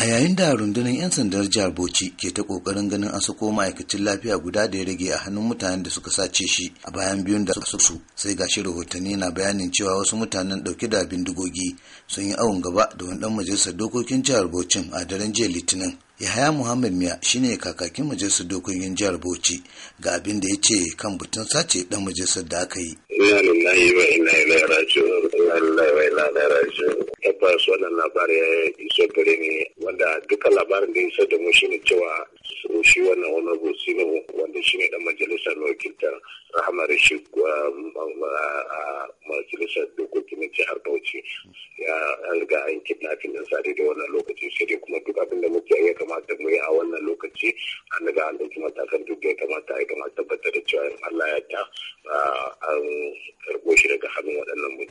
a yayin da rundunar 'yan sandar jihar bauchi ke ta kokarin ganin an sako ma'aikacin lafiya guda da ya rage a hannun mutanen da suka sace shi a bayan biyun da suka su sai gashi rahotanni na bayanin cewa wasu mutanen dauke da bindigogi sun yi awon gaba da wani dan majalisar dokokin jihar bauchi a daren jiya litinin yahaya muhammad miya shine kakakin majalisar dokokin jihar bauchi ga abin da ya ce kan batun sace dan majalisar da aka yi tabbas wannan labarin ya iso gare ni wanda duka labarin da ya iso da mu shine cewa shi wannan honorable sinu wanda shine dan majalisar wakilta rahama rashi majalisar dokoki na jihar bauchi ya riga an kidnafi nan sadi da wannan lokaci sai dai kuma duk abin da muke ya kamata mu yi a wannan lokaci an riga an dauki matakan duk da ya kamata ya kamata tabbatar da cewa Allah ya ta an karɓo shi daga hannun waɗannan mutane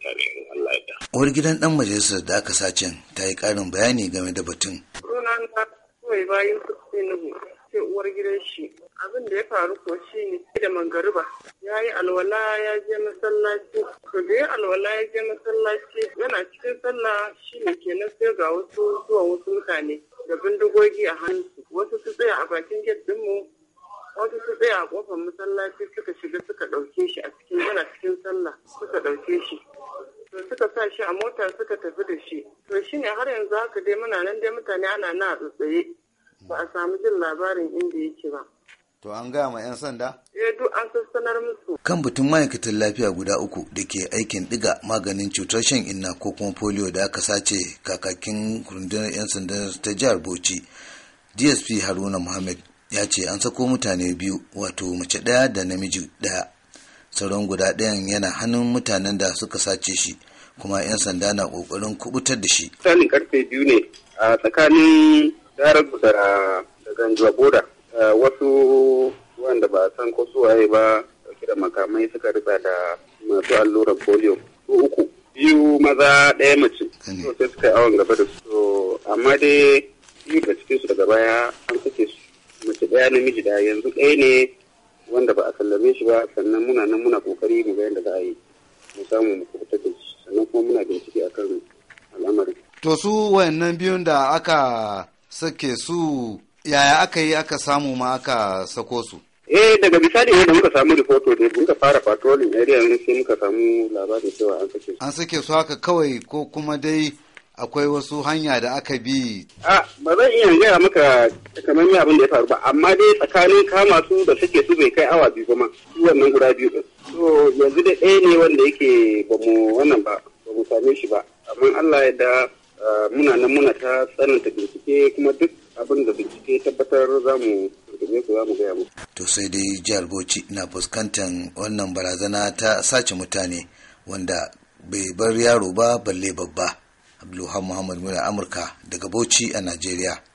uwar gidan dan majalisar da aka sacen ta yi karin bayani game da batun sunan na kawai bayan tinubu sai uwar gidan shi abin da ya faru ko shi ne da mangariba ya yi alwala ya je masallaci to da ya alwala ya je masallaci yana cikin sallah shi ne kenan sai ga wasu zuwa wasu mutane da bindigogi a hannu. wasu su tsaya a bakin gate dinmu wasu su tsaya a kofar masallaci suka shiga suka ɗauke shi a cikin yana cikin sallah suka ɗauke shi to suka sa shi a mota suka tafi da shi to shine har yanzu haka dai muna nan dai mutane ana na tsatsaye ba a samu jin labarin inda yake ba To an gaya ma 'yan sanda? Eh duk an sassanar musu. Kan batun ma'aikatan lafiya guda uku da ke aikin diga maganin cutar shan inna ko kuma polio da aka sace kakakin rundunar 'yan sanda ta jihar Bauchi. DSP Haruna Muhammad ya ce an sako mutane biyu wato mace ɗaya da namiji ɗaya sauran guda ɗayan yana hannun mutanen da suka sace shi kuma 'yan sanda na ƙoƙarin kubutar da shi. Tsanin karfe biyu ne a tsakanin Darabu da Ganjuwa Boda wasu wanda ba san ko waye ba ɗauke da makamai suka ritsa da masu allurar polio su uku biyu maza ɗaya mace sai suka yi awon gaba da su amma dai biyu da cikinsu daga baya an suke su mace ɗaya namiji da yanzu ɗaya ne wanda ba a sallame shi ba sannan muna nan muna kokari mu ga yadda za a yi mu samu mu kubutar da sannan kuma muna bincike akan al'amarin. To su wayannan biyun da aka sake su yaya aka yi aka samu ma aka sako su? Eh daga misali yadda muka samu rifoto ne muka fara patrolling area ne sai muka samu labarin cewa an sake su. An sake su haka kawai ko kuma dai akwai wasu hanya da aka bi. A ba zan iya gaya maka takamaiman abin da ya faru ba amma dai tsakanin kama su da suke su bai kai awa biyu kuma su wannan guda biyu ɗin. So yanzu da ɗaya ne wanda yake ba mu wannan ba ba mu same shi ba amma Allah ya da muna nan muna ta tsananta bincike kuma duk abin da bincike tabbatar za mu To sai dai jihar Bauchi na fuskantar wannan barazana ta sace mutane wanda bai bar yaro ba balle babba. abdulhamid muhammad muna amurka daga bauchi a najeriya